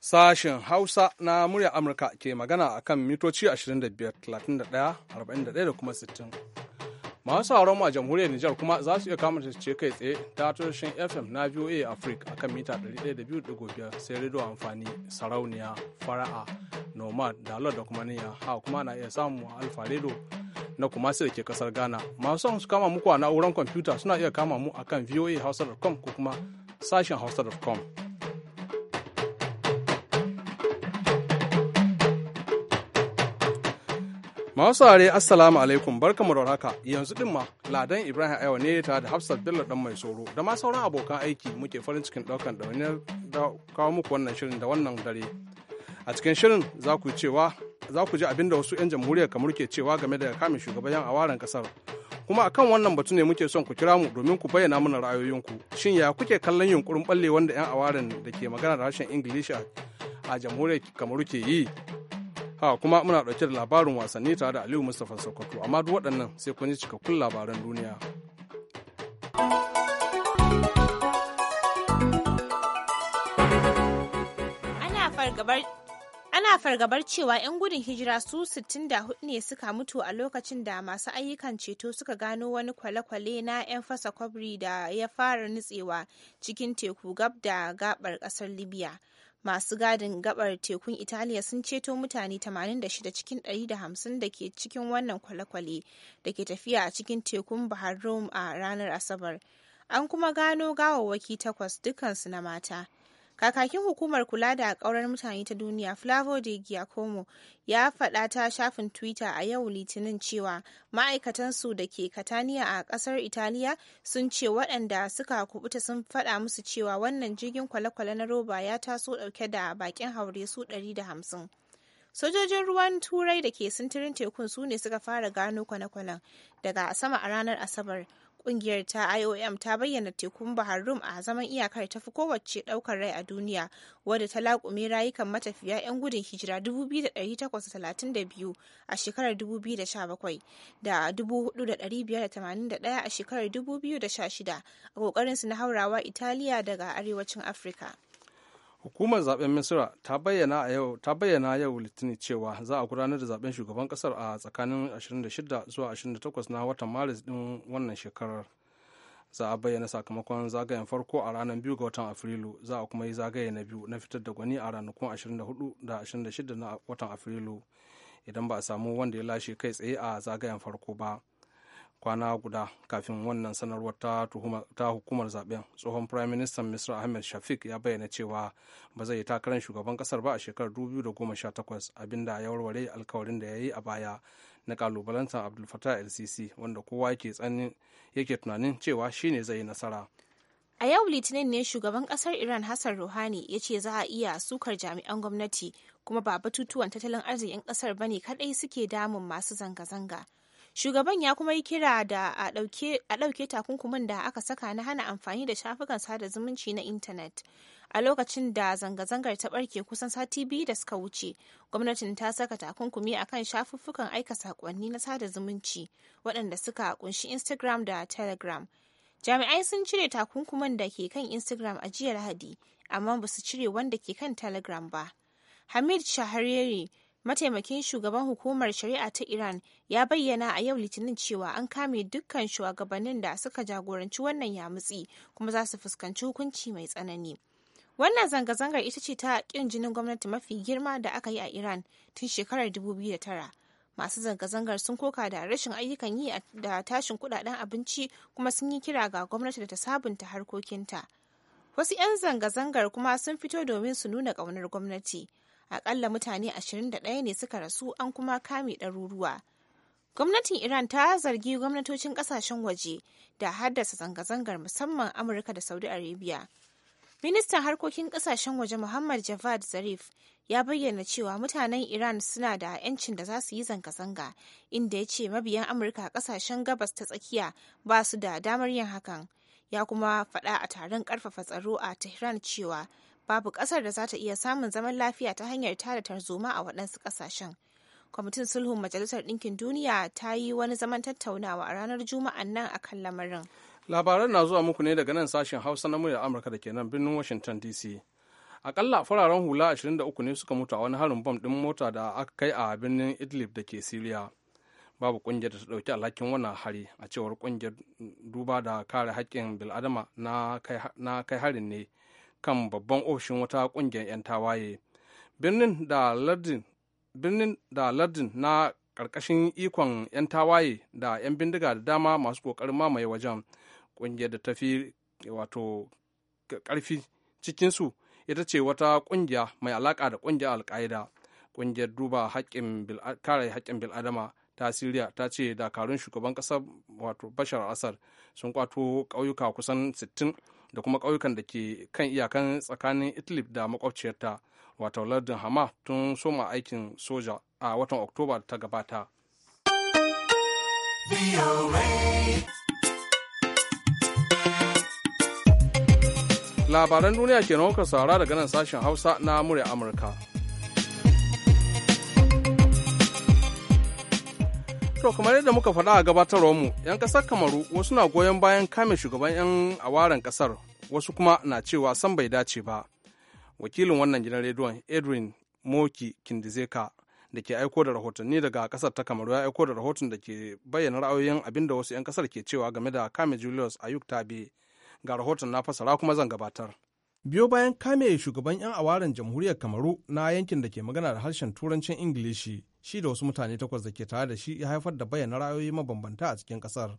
Sashen Hausa na murya Amurka ke magana a kan mitoci 25,31,41 31, da kuma 60. Masu sauran a jamhuriyar Nijar kuma za su iya kama ce kai tsaye ta tushen FM na VOA Africa a kan mita 102.5 sai rediyo amfani sarauniya, fara'a, nomad, dalar da kuma niyya. Ha kuma na iya samu Alfa rido na kumasi da ke kasar ghana masu son su kama muku a na'urar kwamfuta suna iya kama mu akan voahausa.com ko kuma sashen hausa.com Masu saurare Assalamu alaikum barkamu da haka yanzu din ma Ladan Ibrahim Ayo ne tare da Hafsat Bello dan mai tsoro da ma sauran abokan aiki muke farin cikin daukan da kawo muku wannan shirin da wannan dare. A cikin shirin za ku cewa za ku ji abin da wasu 'yan jamhuriyar kamar ke cewa game da kame shugaban 'yan awaren kasar. Kuma akan wannan batu ne muke son ku kira mu domin ku bayyana mana ra'ayoyinku. Shin ya kuke kallon yunkurin balle wanda 'yan awaren da ke magana da harshen Ingilishi a jamhuriyar kamar ke yi? Ha kuma muna ɗauke da labarin wasanni tare da Aliyu Mustapha Sokoto amma duk waɗannan sai kun ji cikakkun labaran duniya. Ana fargabar Ana fargabar cewa 'yan gudun hijira su 64 ne suka mutu a lokacin da masu ayyukan ceto suka gano wani kwale-kwale na 'yan fasa kwabri da ya fara nutsewa cikin teku gab da gabar kasar Libya. Masu gadin gabar tekun Italiya sun ceto mutane 86 cikin 150 da ke cikin wannan kwale-kwale da ke tafiya a cikin tekun Bahar rome a ranar Asabar. An kuma gano gawawwaki takwas dukansu na mata. Kakakin hukumar kula da ƙaurar mutane ta duniya Flavo de Giacomo ya faɗa ta shafin Twitter a yau Litinin cewa ma'aikatansu da ke Kataniya a ƙasar Italiya sun ce waɗanda suka kubuta sun faɗa musu cewa wannan jirgin kwale-kwale na roba ya taso ɗauke da baƙin haure su 150. sojojin ruwan turai da ke sintirin tekun su ne suka fara gano kwale kwanen daga sama a ranar asabar Ƙungiyar ta IOM ta bayyana tekun Bahar Rum a zaman iyakar tafi kowace ɗaukar rai a duniya, wadda ta laƙume rayukan matafiya 'yan gudun hijira 2,832 a shekarar 2017 da 4,581 a shekarar 2016 a ƙoƙarinsu na haurawa Italiya daga arewacin Afirka. hukumar zaben misira ta bayyana yau litinin cewa za a gudanar da zaben shugaban kasar a tsakanin 26 zuwa 28 na watan maris din wannan shekarar za a bayyana sakamakon zagayen farko a ranar biyu ga watan afrilu za a kuma yi zagaye na biyu na fitar da gwani a ranakun 24 da 26 na watan afrilu idan ba a samu wanda ya lashe kai tsaye a zagayen farko ba kwana guda kafin wannan sanarwar ta hukumar zaben tsohon prime minister mr ahmed shafik ya bayyana cewa ba zai yi takarar shugaban kasar ba a shekarar 2018 abinda ya warware alkawarin da ya yi a baya na kalubalantar abdul fatah lcc wanda kowa yake tunanin cewa shine zai yi nasara a yau litinin ne shugaban kasar iran hassan rouhani ya ce za a iya sukar jami'an gwamnati kuma ba batutuwan tattalin arzikin kasar bane kadai suke damun masu zanga-zanga Shugaban ya kuma yi kira da a ɗauke takunkumin da aka saka na hana amfani da shafukan sada zumunci na intanet. A lokacin da zanga-zangar ta ɓarke kusan sati biyu da suka wuce, gwamnatin ta saka takunkumi a kan shafuffukan aika sakonni na sada zumunci waɗanda suka kunshi Instagram da Telegram. Jami'ai sun cire takunkumin da ke kan Instagram a jiya Lahadi, amma ba su cire wanda ke kan Telegram ba. Hamid Shahariri, mataimakin shugaban hukumar shari'a ta iran ya bayyana a yau litinin cewa an kame dukkan shugabannin da suka jagoranci wannan yamutsi kuma za su fuskanci hukunci mai tsanani wannan zanga-zangar ita ce ta kin jinin gwamnati mafi girma da aka yi a iran tun shekarar 2009 masu zanga-zangar sun koka da rashin ayyukan yi da tashin kudaden abinci kuma sun yi kira ga gwamnati da ta sabunta harkokinta wasu 'yan zanga-zangar kuma sun fito domin su nuna ƙaunar gwamnati akalla mutane 21 ne suka rasu an kuma kame ɗaruruwa. Gwamnatin Iran ta zargi gwamnatocin ƙasashen waje da haddasa zanga-zangar musamman Amurka da Saudi Arabia. Ministan harkokin ƙasashen waje Muhammad Javad Zarif ya bayyana cewa mutanen Iran suna da 'yancin da za su yi zanga-zanga, inda ya ce mabiyan Amurka a ƙasashen gabas ta tsakiya ba su da damar yin hakan. Ya kuma faɗa a taron ƙarfafa tsaro a Tehran cewa babu ƙasar da za ta iya samun zaman lafiya ta hanyar tada tarzoma a waɗansu kasashen Kwamitin Sulhun Majalisar Ɗinkin Duniya ta yi wani zaman tattaunawa a ranar juma'a nan a kan lamarin. Labaran na zuwa muku ne daga nan sashen Hausa na muryar Amurka da ke nan birnin Washington DC. Akalla fararen hula 23 ne suka mutu a wani harin bom ɗin mota da aka kai a birnin Idlib da ke Siriya. Babu ƙungiyar da ta ɗauki alhakin wannan hari a cewar ƙungiyar duba da kare haƙƙin bil'adama na kai harin ne. kan babban ofishin wata kungiyar 'yan tawaye birnin da lardin na ƙarƙashin ikon 'yan tawaye da 'yan bindiga da dama masu ƙoƙarin mamaye wajen ƙungiyar da ta fi wato ƙarfi cikinsu ita ce wata ƙungiya mai alaƙa da ƙungiyar alƙa'ida ƙungiyar duba kare haƙƙin bil'adama ta siriya ta ce dakarun shugaban ƙasar wato bashar asar sun kwato ƙauyuka kusan 60 da kuma ƙauyukan da ke kan iyakan tsakanin idlib da makwabciyarta wato lardin hama tun soma aikin soja a watan oktoba ta gabata labaran duniya ke nan kuka saura daga nan sashen hausa na murya amurka To kamar yadda muka faɗa a gabatarwar mu, 'yan kasar Kamaru wasu na goyon bayan kame shugaban 'yan awaren kasar wasu kuma na cewa san bai dace ba. Wakilin wannan gidan rediyon Edwin Moki Kindizeka da ke aiko da rahotanni daga kasar ta Kamaru ya aiko da rahoton da ke bayyana ra'ayoyin abin da wasu 'yan ƙasar ke cewa game da kame Julius Ayuk Tabe. Ga rahoton na fasara kuma zan gabatar. Biyo bayan kame shugaban 'yan awaren jamhuriyar Kamaru na yankin da ke magana da harshen Turancin Ingilishi. shi da wasu mutane takwas da ke tare da shi ya haifar da bayyana ra'ayoyi mabambanta a cikin kasar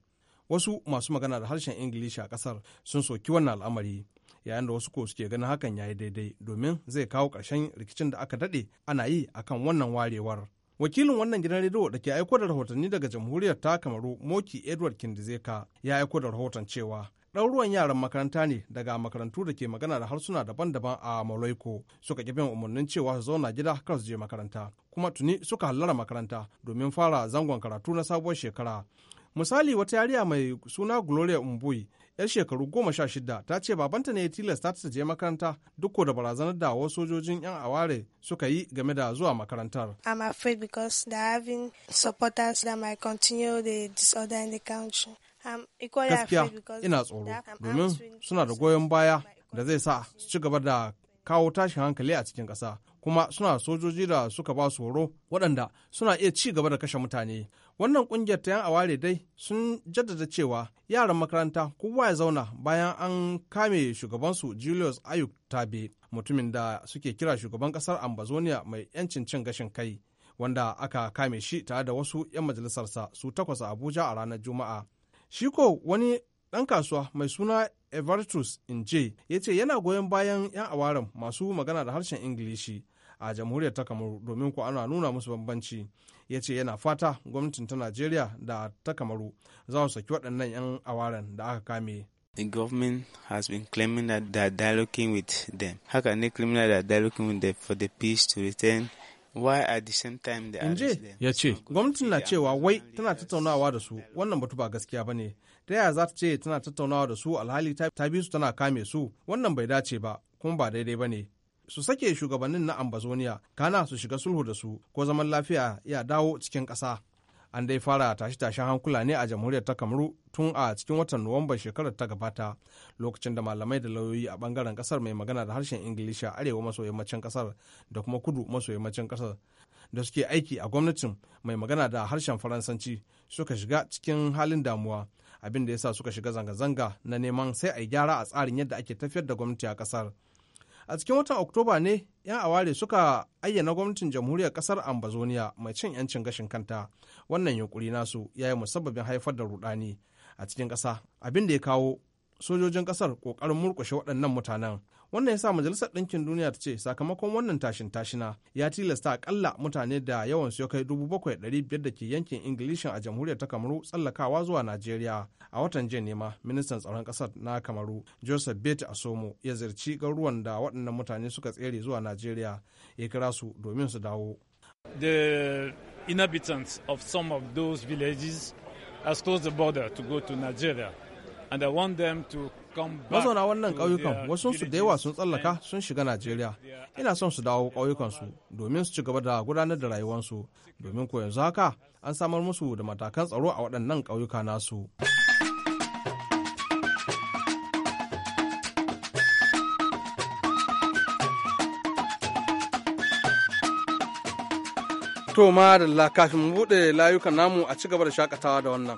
wasu masu magana da harshen ingilishi a kasar sun soki wannan al'amari yayin da wasu ko suke ganin hakan ya yi daidai domin zai kawo ƙarshen rikicin da aka daɗe ana yi akan wannan warewar wakilin wannan gidan rediyo da ke aiko da rahotanni daga jamhuriyar ta kamaru moki edward kindizeka ya aiko da rahoton cewa ɗauruwan yaran makaranta ne daga makarantu da ke magana da harsuna daban-daban a Moloiko suka ƙi bin umarnin cewa su zauna gida kar su je makaranta kuma tuni suka hallara makaranta domin fara zangon karatu na sabuwar shekara. Misali wata yariya mai suna Gloria Umbui yar shekaru goma sha shida ta ce babanta ne ya tilasta ta je makaranta duk ko da barazanar da wasu sojojin yan aware suka yi game da zuwa makarantar. I'm afraid because they having supporters that might continue the disorder in the country. Gaskiya ina tsoro domin suna da goyon baya da zai sa su ci gaba da kawo tashin hankali a cikin ƙasa kuma suna sojoji da suka ba su horo waɗanda suna iya ci gaba da kashe mutane wannan ƙungiyar ta yan aware dai sun jaddada cewa yaran makaranta kowa ya zauna bayan an kame shugabansu julius ayuk tabe mutumin da suke kira shugaban ƙasar ambazonia mai yancin cin gashin kai wanda aka kame shi tare da wasu 'yan majalisarsa su takwas a abuja a ranar juma'a Shi ko wani ɗan kasuwa mai suna Evertus Inje ya ce yana goyon bayan 'yan awaren masu magana da harshen Ingilishi a jamhuriyar ta Kamaru domin ko ana nuna musu bambanci. Ya ce yana fata gwamnatin ta Najeriya da ta Kamaru za su saki waɗannan 'yan awaren da aka kame. The government has been claiming that they are dialoguing with them. How can they claim that they are dialoguing with them for the peace to return Inje ya ce, gwamnatin na cewa wai tana tattaunawa da su wannan batu ba gaskiya ba ne, ta yaya za ta ce tana tattaunawa da su alhali ta bi su tana kame su wannan bai dace ba kuma ba daidai ba ne. Su sake shugabannin na Ambazonia, kana su shiga sulhu da su ko zaman lafiya ya dawo cikin ƙasa. an dai fara tashe-tashen hankula ne a jamhuriyar ta kamaru tun a cikin watan nuwamban shekarar ta gabata lokacin da malamai da lauyoyi a bangaren kasar mai magana da harshen ingilisha arewa maso yammacin kasar da kuma kudu maso yammacin kasar da suke aiki a gwamnatin mai magana da harshen faransanci suka shiga cikin halin damuwa abin da yasa suka shiga zanga-zanga na neman sai a gyara a tsarin yadda ake tafiyar da gwamnati a kasar. a cikin watan oktoba ne 'yan aware suka ayyana gwamnatin jamhuriyar kasar ambazonia mai cin 'yancin gashin kanta wannan yunkuri nasu ya yi musabbabin haifar da rudani a cikin ƙasa abin da ya kawo sojojin ƙasar ƙoƙarin murƙushe waɗannan mutanen wannan ya sa majalisar ɗinkin duniya ta ce sakamakon wannan tashin tashina ya tilasta akalla mutane da yawan su ya kai biyar da ke yankin ingilishin a jamhuriyar ta kamaru tsallakawa zuwa najeriya a watan jiya nema ministan tsaron ƙasar na kamaru joseph beti asomo ya ziyarci garuruwan da waɗannan mutane suka tsere zuwa najeriya ya kira su domin su dawo the inhabitants of some of those villages has closed the border to go to nigeria and i want them to mazauna wannan ƙauyukan su da yawa sun tsallaka sun shiga najeriya ina son su dawo ƙauyukansu domin su ci gaba da gudanar da rayuwarsu domin ko yanzu haka an samar musu da matakan tsaro a waɗannan ƙauyuka nasu To ma da kafin mu buɗe layukan namu a ci gaba da shakatawa da wannan.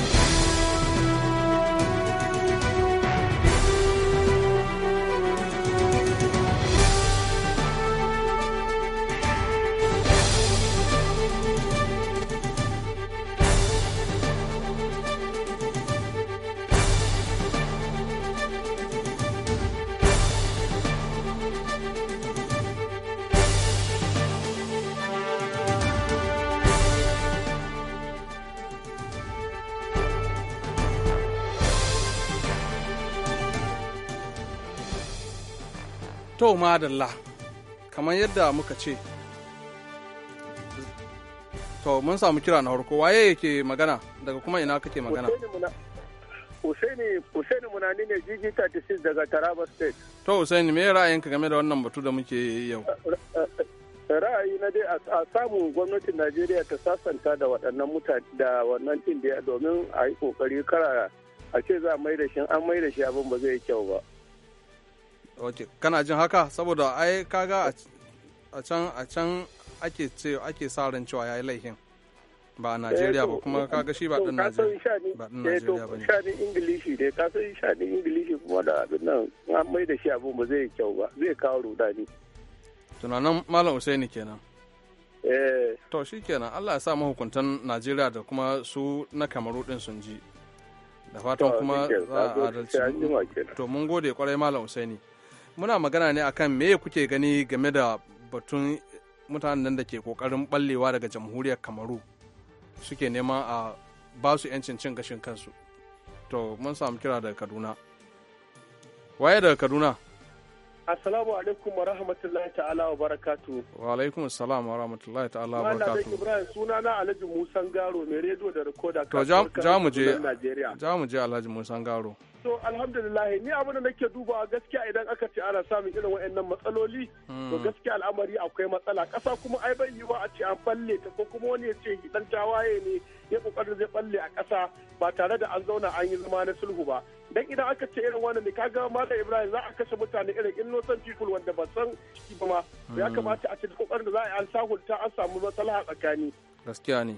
to madalla kamar yadda muka ce to mun samu kira na harko waye yake magana daga kuma ina kake magana Husaini Husaini Munani ne GG 36 daga Taraba State. To Husaini me ra'ayinka game da wannan batu da muke yau? ra'ayi na dai a samu gwamnatin najeriya ta sasanta da waɗannan mutane da wannan ɗin domin a yi ƙoƙari kara a ce za a mai da shi an mai da shi abin ba zai kyau ba kana jin haka saboda ai kaga a can a can ake ce ake sa ran cewa yayi laifin ba a Najeriya ba kuma kaga shi ba din eh, Najeriya ba din Najeriya eh, ba ne shani English dai ka san shani English kuma da abin nan an mai da shi abu ba zai kyau ba zai kawo rudani tunanin malam Usaini kenan eh to kenan Allah ya sa mahukuntan Najeriya da kuma su na Kamaru din sun ji da fatan kuma za a adalci to mun gode kwarai malam Usaini muna magana ne akan me kuke gani game da batun mutanen nan da ke kokarin ballewa daga jamhuriyar kamaru suke neman a ba su 'yancin cin gashin kansu to mun samu kira daga kaduna waye daga kaduna assalamu alaikum wa rahmatullahi ta'ala wa barakatu wa alaikum assalam wa rahmatullahi ta'ala wa barakatu ibrahim suna na alhaji musan garo mai rediyo da rikoda to ja nigeria. je ja mu je alhaji musan garo to alhamdulillah ni abin da nake dubawa gaskiya idan aka ce ana samun irin waɗannan matsaloli to hmm. gaskiya al'amari akwai matsala kasa kuma ai bai yi ba a ce an balle ta ko kuma wani ya ce dan tawaye ne ya kokarin zai balle a kasa ba tare da an zauna an yi zama na sulhu ba dan idan aka ce irin wannan ne kaga malam Ibrahim za a kashe mutane irin innocent people wanda ba san ciki ba ma ya hmm. kamata a ce kokarin da za a yi an sahunta an samu matsala a tsakani gaskiya ne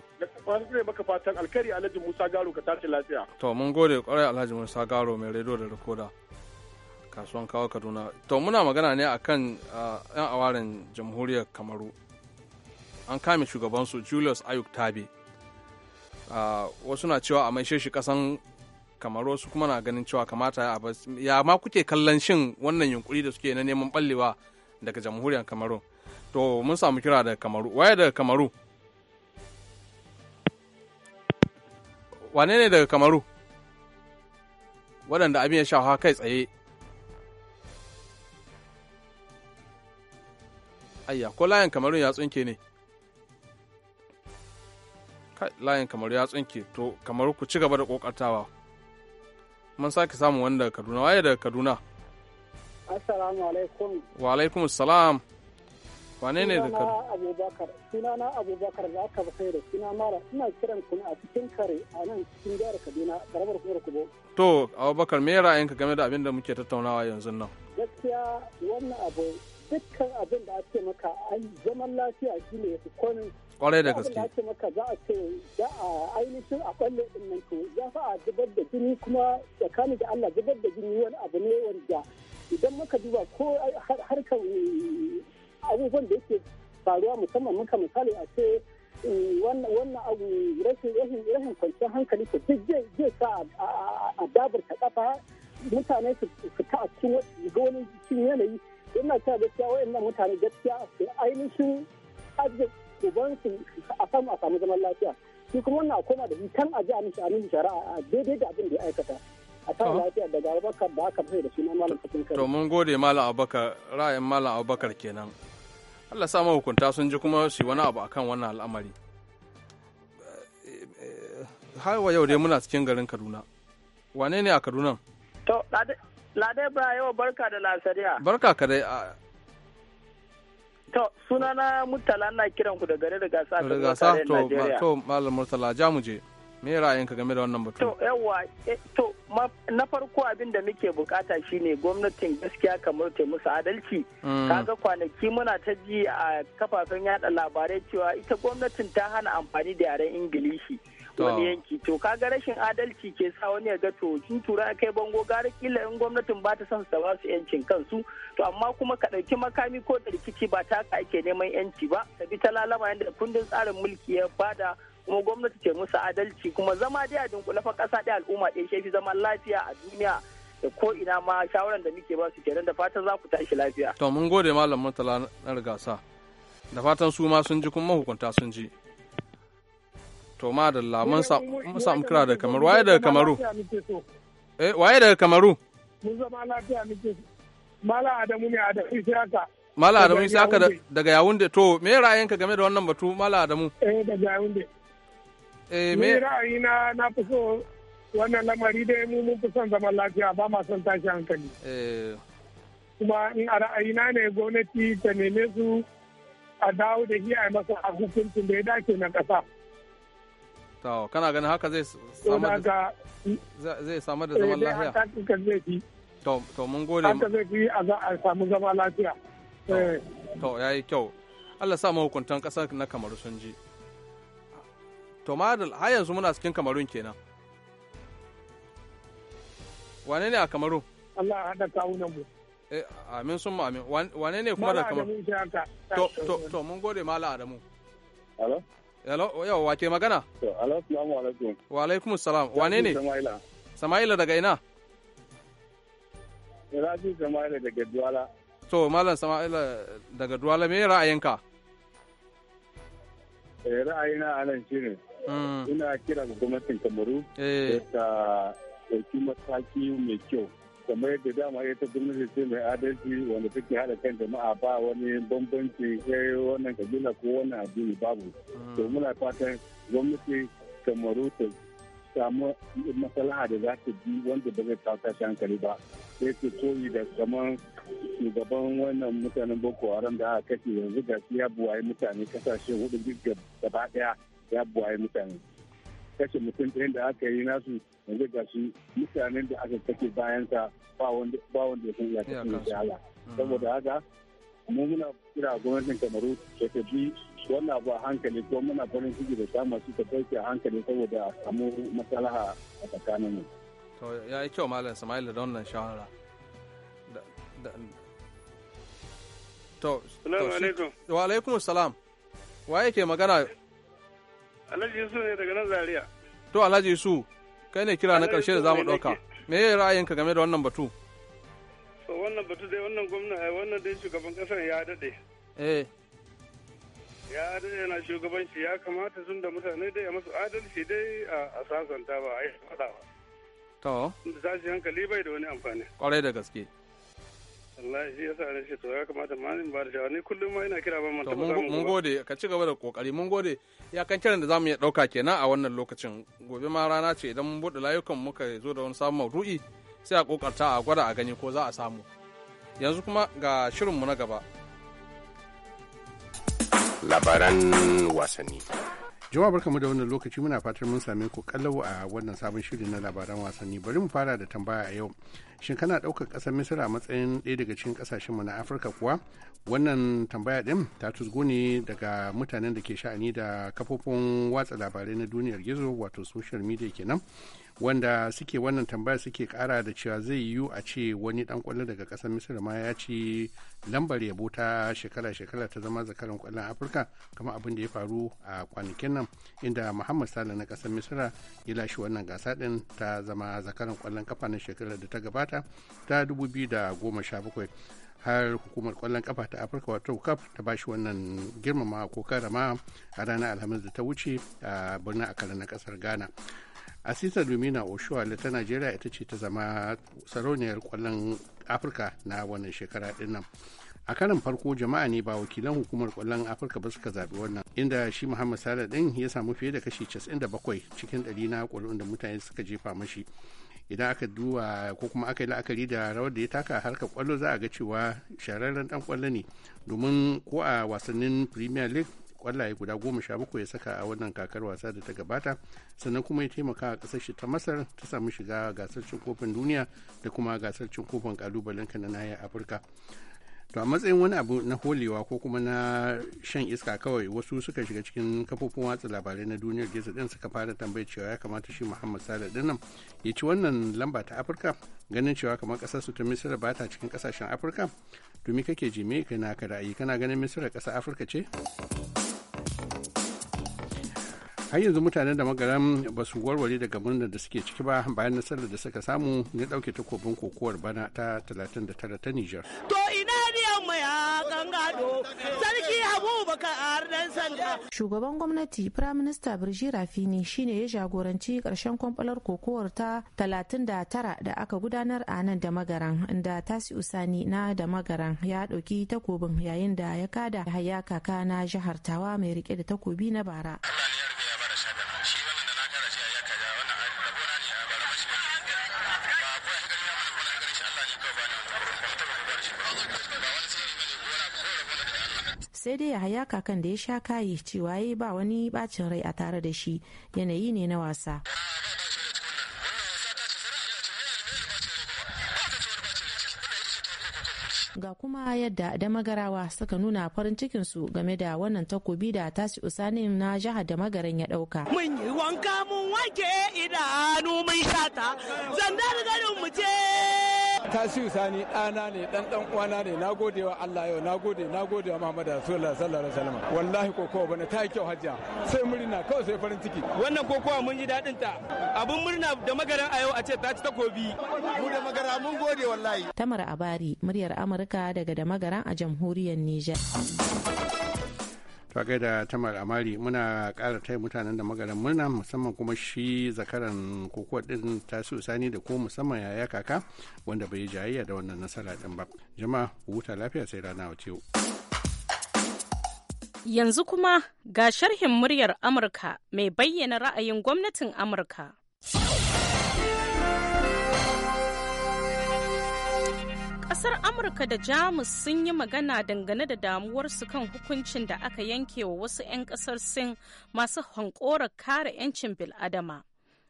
ne maka fatan alkari alhaji musa garo ka tashi lafiya to mun gode kwarai alhaji musa garo mai rediyo da rikoda kasuwan kawo kaduna to muna magana ne akan yan awarin jamhuriyar kamaru an kame shugabansu julius ayuk tabe wasu na cewa a maishe shi kasan kamaru wasu kuma na ganin cewa kamata ya ma kuke kallon shin wannan yunkuri da suke na neman ballewa daga jamhuriyar kamaru to mun samu kira daga kamaru waye daga kamaru wane ne daga kamaru waɗanda abin ya shafa kai tsaye ayya ko layin kamaru ya tsunke ne layin kamaru ya tsunke to kamaru ku ci gaba da kokartawa mun sake samun wanda daga kaduna waye daga kaduna assalamu alaikum wa alaikum assalam wane ne da kar abubakar suna na abubakar za ka sai da suna mara ina kiran ku a cikin kare a nan cikin jihar kaduna karamar kuma kubo to abubakar me ra'ayinka game da abin da muke tattaunawa yanzu nan gaskiya wannan abu dukkan abin da ake maka an zaman lafiya shi ne su komin kwarai da gaske ake maka za a ce da a ainihin a kwalle din nan to za a zubar da jini kuma tsakanin da Allah zubar da jini wani abu ne wanda idan muka duba ko harkar eh, abubuwan da yake faruwa musamman muka misali a ce eh, wannan abu rashin kwanciyar hankali ko zai sa a ta kafa mutane su fita a cikin wani cikin yanayi ina ta gaskiya wayannan mutane gaskiya su ainihin ajiye su a samu a samu zaman lafiya shi kuma wannan koma da kan a ji a mishi a mishi shari'a a daidai da abin da ya aikata a kan lafiya daga abubakar da aka fi da suna malam cikin kare. to mun gode malam abubakar ra'ayin malam abubakar kenan. Allah sa mahukunta sun ji kuma shi wani abu akan wannan al'amari har wa yau dai muna cikin garin Kaduna wane ne a Kaduna to lade ba yau barka da lasariya barka ka dai to sunana murtala na kiran ku da gare da gasa to to malam murtala ja mu je me ra'ayinka game da wannan batu to yawa eh, to na farko abin da muke bukata shine gwamnatin gaskiya kamar ta musu adalci mm. kaga kwanaki muna ta ji a kafafen yada labarai cewa ita gwamnatin ta hana amfani da yaren ingilishi wani yanki to kaga rashin adalci ke sa wani ya ga to kin tura kai bango gara kila in gwamnatin ba ta son su ba su yancin kansu to amma kuma ka ɗauki makami ko da rikici ba ta ake neman yanci ba ka bi ta lalama yadda kundin tsarin mulki ya bada kuma gwamnati ce musu adalci kuma zama dai a dinku fa ƙasa ɗaya al'umma ɗaya shafi zaman lafiya a duniya da ko ina ma shawaran da muke ba su kenan da fatan za ku tashi lafiya. To mun gode malam Murtala na rigasa. Da fatan su ma sun ji kuma mahukunta sun ji. To ma da lamun samu kira daga Kamaru. Waye daga Kamaru? Eh waye daga Kamaru? Mun zama lafiya muke. mala Adamu ne Adamu Isaka. mala Adamu Isaka daga da To me ra'ayinka game da wannan batu mala Adamu? Eh daga da. Eh, Ni ra'ayina na fi so wannan lamari dai mu mun fi son zaman lafiya ba ma son tashi hankali. Eh. Kuma in a ra'ayina ne gwamnati ta neme su a dawo da shi a masa a hukuncin da ya dace na ƙasa. To, kana ganin haka zai samar da eh, zaman lafiya? To, mun gode. Haka zai fi a samu zaman lafiya. To, ya kyau. Allah sa mahukuntan ƙasar na kamaru sun ji. to madal har yanzu muna cikin kamarun kenan wane ne a kamarun Allah ya haɗa kawunan mu eh amin sun amin wane ne kuma da kamar to to to mun gode mala adamu hello hello yau wa ke magana to assalamu alaikum wa alaikum assalam wane ne sama'ila sama'ila daga ina Rabi Sama'ila daga Duwala. To, Malam Sama'ila daga Duwala, me ra'ayinka? Eh, ra'ayina a nan shi ne Mm. Ina kira ga gwamnatin Kamaru da eh. ta ɗauki mataki mai kyau. kamar yadda dama ta gwamnati ce mai adalci wanda take hada kan jama'a ba wani bambanci sai eh, wannan kabila ko wannan addini babu mm. to muna fatan gwamnati kamaru ta samu maslaha da za ta bi wanda ba zai kawo tashi hankali ba sai su koyi da kamar shugaban wannan mutanen boko haram da aka kashe yanzu ga buwaye mutane kasashe hudu duk gaba daya ya buwaye mutane kashe mutum ɗayan da aka yi nasu yanzu ga shi mutanen da aka bayan bayansa ba wanda ya san ya kashe da mm. saboda haka mu muna kira gwamnatin kamaru da ta bi wannan abu a hankali ko muna farin ciki da samun su ta ɗauke a hankali saboda a samu maslaha a tsakaninmu. to ya yi kyau malam sama'ila da wannan shawara to, to, wa alaikum salam wa yake magana Alhaji Yusuf ne daga nan Zaria. To Alhaji Yusuf, kai ne kira na ƙarshe da za mu ɗauka. Me ya ra'ayinka game da wannan batu? So wannan batu dai wannan gwamna eh, wannan dai shugaban ƙasar ya daɗe. Eh. Ya daɗe yana shugabanci ya kamata sun da mutane dai a masu adalci dai a sasanta ba a yi faɗa ba. To. Zashi hankali bai da wani amfani. Ƙwarai da gaske. Allah shi yasa ne ce to ya kamata ma in ba da shawara ni kullum ma ina kira ba mun tabbata mun gode ka ci gaba da kokari mun gode ya kan kiran da zamu iya dauka kenan a wannan lokacin gobe ma rana ce idan mun bude layukan muka zo da wani sabon maudu'i sai a kokarta a gwada a gani ko za a samu yanzu kuma ga shirinmu na gaba labaran wasanni Jama'a mu da wannan lokaci muna fatar mun same ku kallau a wannan sabon shiri na labaran wasanni. Bari mu fara da tambaya a yau. Shin kana ɗaukar ƙasar misira a matsayin ɗaya daga cikin ƙasashenmu na Afirka kuwa? Wannan tambaya ɗin ta tusgo ne daga mutanen da ke sha'ani da kafofin watsa labarai na duniyar gizo wato social media kenan. wanda suke wannan tambaya suke kara da cewa zai yiwu a ce wani dan kwallo daga kasar misira ma ya ci lambar yabo ta shekara-shekara ta zama zakaran kwallon afirka kama abin da ya faru a kwanakin nan inda muhammad sale na kasar misira ya lashe wannan gasa din ta zama zakaran kwallon kafa na shekarar da ta gabata ta 2017 har hukumar kwallon kafa ta afirka wato cup ta ba shi wannan girmama ko karama a ranar alhamis da ta wuce a birnin akalar na kasar ghana asisa lumina oshuale ta najeriya ita ce ta zama sarauniyar kwallon afirka na wannan shekara dinnan a karin farko jama'a ne ba wakilan hukumar kwallon afirka ba suka zaɓi wannan inda shi muhammad sale din ya samu fiye da kashi 97 cikin ɗari na kwallon da mutane suka jefa mashi idan aka duba ko kuma aka yi la'akari da rawar da ya taka harkar kwallo za a ga cewa shararren dan kwallo ne domin ko a wasannin premier league kwallaye guda goma sha bakwai ya saka a wannan kakar wasa da ta gabata sannan kuma ya taimaka a kasar ta masar ta samu shiga gasar cin kofin duniya da kuma gasar cin kofin kalubalen na nahiyar afirka to a matsayin wani abu na holewa ko kuma na shan iska kawai wasu suka shiga cikin kafofin watsa labarai na duniyar gizo din suka fara tambayar cewa ya kamata shi muhammad sale din nan ya ci wannan lamba ta afirka ganin cewa kamar kasar su ta misira ba ta cikin kasashen afirka to kake ji me kana ka ra'ayi kana ganin misira kasar afirka ce har yanzu mutanen da magaram ba su warware daga murnar da suke ciki ba bayan nasarar da suka samu na ɗauke takobin kokowar bana ta 39 ta Nijar. To ina ne mai hakan gado sarki Abubakar dan sanda. Shugaban gwamnati Prime Minister Birji Rafini shine ya jagoranci karshen kwamfalar kokowar ta 39 da aka gudanar a nan da magaran inda Tasi Usani na da magaran ya dauki takobin yayin da ya kada hayaka kaka na jihar Tawa mai rike da takobi na bara. sai dai yahaya kakan da ya sha kayi cewa ya ba wani bacin rai a tare da shi yanayi ne na wasa ga kuma yadda da suka nuna farin cikin su game da wannan takobi da tasi usani na jihar da magaran ya dauka mun yi wanka mun wake idanu mun shata zan da mu tasiu sani ɗana ne ɗan ɗan uwana ne na gode wa Allah yau na gode na gode wa Muhammad Rasulullah sallallahu alaihi wasallam wallahi kokowa bana ta yi kyau hajja sai murna kawai sai farin ciki wannan kokowa mun ji daɗin ta abun murna da magaran a yau a ce ta ci takobi mu da magara mun gode wallahi Tamar Abari muryar Amurka daga da magaran a jamhuriyar Niger ta da tamar amari muna kara taya mutanen da magaran murna musamman kuma shi zakaran kokowa din tasu sani da ko musamman yaya kaka wanda bai jayayya da wannan nasara din ba jama'a huta lafiya sai rana wa yanzu kuma ga sharhin muryar amurka mai bayyana ra'ayin gwamnatin amurka Kasar Amurka da Jamus sun yi magana dangane da damuwarsu kan hukuncin da aka yanke wa wasu 'yan kasar Sin masu hankorar kare 'yancin bil'adama.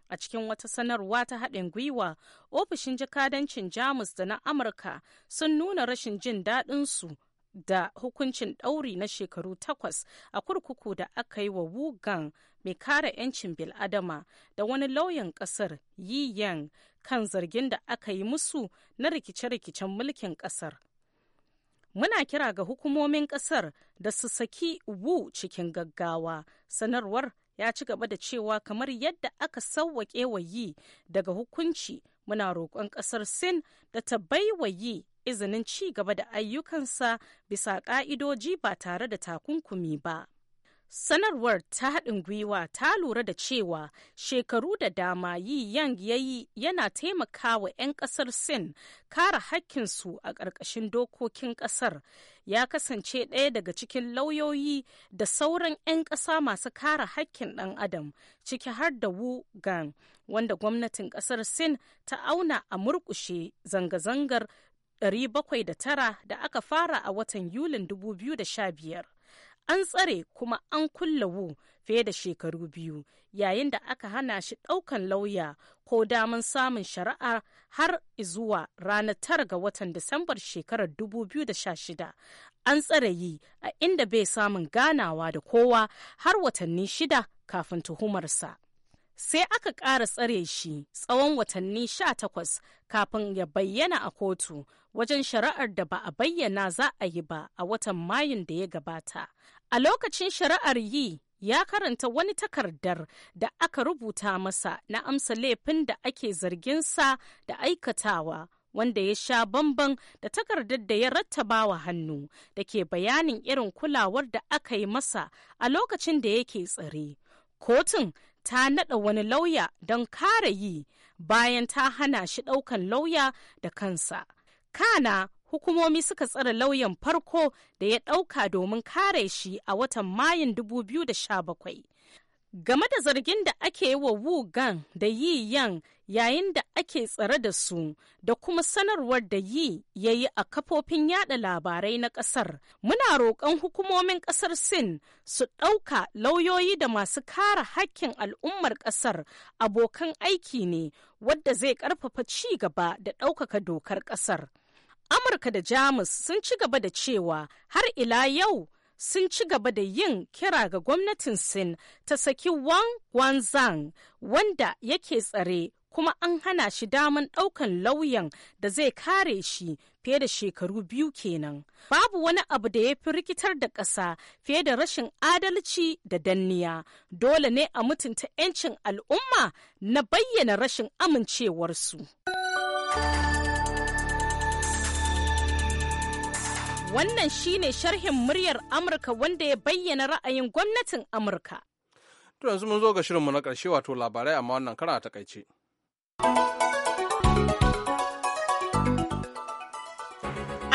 A cikin wata sanarwa ta haɗin gwiwa, ofishin jakadancin Jamus da na Amurka sun nuna rashin jin daɗinsu da hukuncin ɗauri na shekaru takwas a kurkuku da aka yi wa Wugan mai kare 'yancin bil'adama da wani lauyan ƙasar Yi Yang kan zargin da aka yi musu na rikice-rikicen mulkin ƙasar. Muna kira ga hukumomin ƙasar da su saki Wu cikin gaggawa. Sanarwar ya ci gaba da cewa kamar yadda aka sauwaƙe wa yi daga hukunci muna roƙon ƙasar Sin da ta wa yi izinin ci gaba da ayyukansa bisa ƙa'idoji ba tare da takunkumi ba. Sanarwar ta haɗin gwiwa ta lura da cewa shekaru da dama yi yang ya yi yana taimaka wa 'yan ƙasar Sin kare hakkinsu a ƙarƙashin dokokin ƙasar. Ya kasance ɗaya daga cikin lauyoyi da sauran 'yan ƙasa masu kare hakkin ɗan adam ciki har da Wu Gang, wanda gwamnatin ƙasar Sin ta auna a murƙushe zanga-zangar 709 da aka fara a watan Yulin 2015. an tsare kuma an kulle wu fiye da shekaru biyu yayin da aka hana shi ɗaukan lauya ko daman samun shari'a har zuwa ranar tara ga watan disambar shekarar 2016 an tsare yi a inda bai samun ganawa da kowa har watanni shida kafin tuhumarsa. sai aka ƙara tsare shi tsawon watanni sha takwas kafin ya bayyana a kotu wajen shari'ar da ba a bayyana za a yi ba a watan mayun da ya gabata a lokacin shari'ar yi ya karanta wani takardar da aka rubuta masa na amsa laifin da ake sa da aikatawa wanda ya sha bamban da takardar da ya rattaba wa hannu da ke bayanin irin kulawar da aka yi masa a lokacin da yake tsare. Kotun ta naɗa wani lauya don kare yi bayan ta hana shi ɗaukan lauya da kansa. Kana hukumomi suka tsare lauyan farko da ya ɗauka domin kare shi a watan Mayun 2017. Game da zargin da ake yi wa Wu Gang da Yi Yang yayin da ake tsare da su da kuma sanarwar da yi ya yi a kafofin yada labarai na ƙasar. Muna roƙon hukumomin ƙasar Sin su ɗauka lauyoyi da masu kare hakkin al'ummar ƙasar abokan aiki ne wadda zai ƙarfafa ci gaba da ɗaukaka dokar ƙasar. Amurka da Jamus sun ci gaba da cewa har ila yau sun ci gaba da yin kira ga gwamnatin Sin ta saki Wang Wanzang wanda yake tsare kuma an hana shi daman ɗaukan lauyan da zai kare shi fiye da shekaru biyu kenan. Babu wani abu da ya fi rikitar da ƙasa fiye da rashin adalci da danniya. Dole ne a mutunta 'yancin al'umma na bayyana rashin amincewarsu. Wannan shi ne sharhin muryar Amurka wanda ya bayyana ra'ayin gwamnatin Amurka. To yanzu mun zo ga shirinmu na ƙarshe wato labarai amma wannan kara a takaice.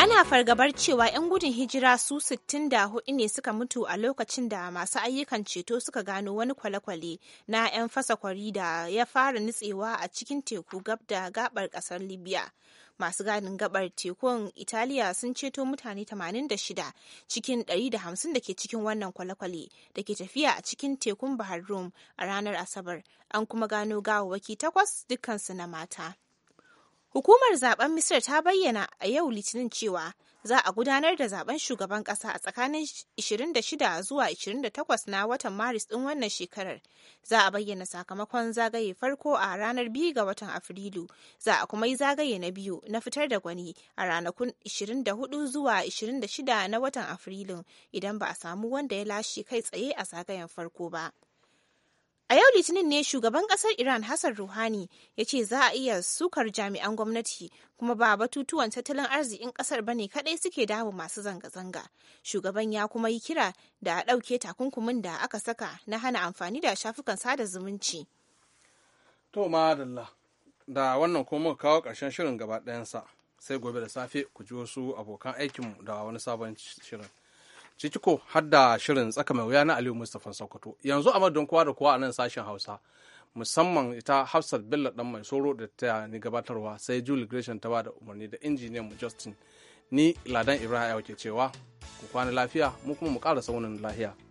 Ana fargabar cewa 'yan gudun hijira su 64 ne suka mutu a lokacin da masu ayyukan ceto suka gano wani kwale-kwale na 'yan fasa kwari da ya fara nutsewa a cikin teku gab da gabar kasar Libya. masu ganin gabar tekun italiya sun ceto mutane 86 cikin 150 da ke cikin wannan kwale-kwale da ke tafiya a cikin tekun bahar rum a ranar asabar an kuma gano gawawaki takwas dukkansu na mata Hukumar zaben Misir ta bayyana a yau Litinin cewa za a gudanar da zaben shugaban kasa a tsakanin 26 zuwa 28 na watan maris din wannan shekarar za a bayyana sakamakon zagaye farko a ranar 2 ga watan afrilu za a kuma yi zagaye na biyu na fitar da gwani a ranakun 24 zuwa 26 na watan afrilun idan ba a samu wanda ya lashe kai tsaye a zagayen farko ba. A yau Litinin ne shugaban kasar Iran Hassan ruhani ya ce za a iya sukar jami'an gwamnati kuma ba batutuwan tattalin arzikin kasar bane kadai suke damu masu zanga-zanga. Shugaban ya kuma yi kira da a ɗauke takunkumin da aka saka na hana amfani da shafukan sada zumunci. To madalla, da wannan kuma kawo ƙarshen shirin gaba ɗayansa sai gobe da safe ku ji wasu abokan aikinmu da wani sabon shirin. ciki ko har da shirin tsaka mai wuya na aliyu mustapha sokoto yanzu a madon kowa da kowa a nan sashen hausa musamman ita hafsat bello dan mai soro da ta ni gabatarwa sai julie gresham ta ba da umarni da injiniyan mu justin ni ladan ibrahim ke cewa ku kwana lafiya mu kuma mu ƙara saunin lafiya